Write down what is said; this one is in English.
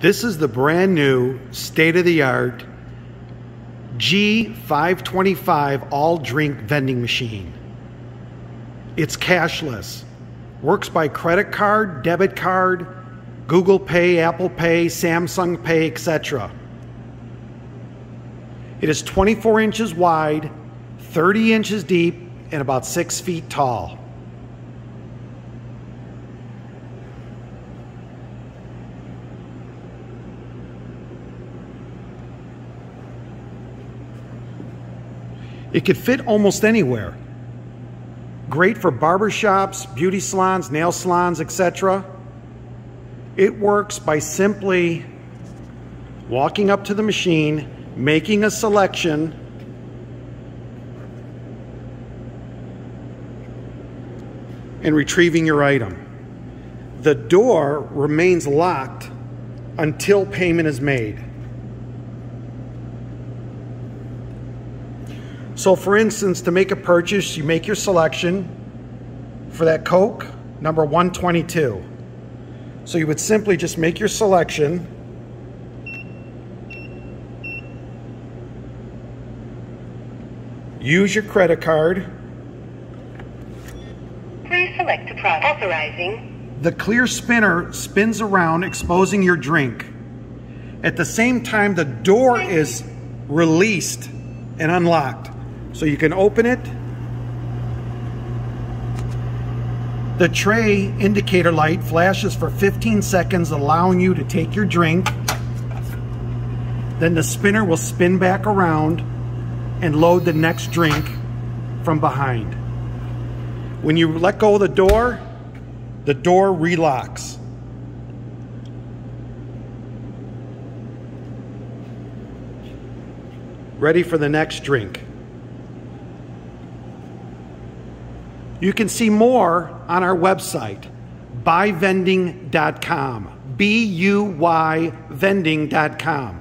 This is the brand new, state-of-the-art G525 all-drink vending machine. It's cashless. Works by credit card, debit card, Google Pay, Apple Pay, Samsung Pay, etc. It is 24 inches wide, 30 inches deep, and about 6 feet tall. It could fit almost anywhere. Great for barbershops, beauty salons, nail salons, etc. It works by simply walking up to the machine, making a selection, and retrieving your item. The door remains locked until payment is made. So for instance, to make a purchase, you make your selection for that Coke, number 122. So you would simply just make your selection Use your credit card. Please select a product. Authorizing. The clear spinner spins around, exposing your drink. At the same time, the door is released and unlocked. So you can open it. The tray indicator light flashes for 15 seconds, allowing you to take your drink. Then the spinner will spin back around and load the next drink from behind. When you let go of the door, the door relocks. Ready for the next drink. You can see more on our website, buyvending.com. B U Y vending.com.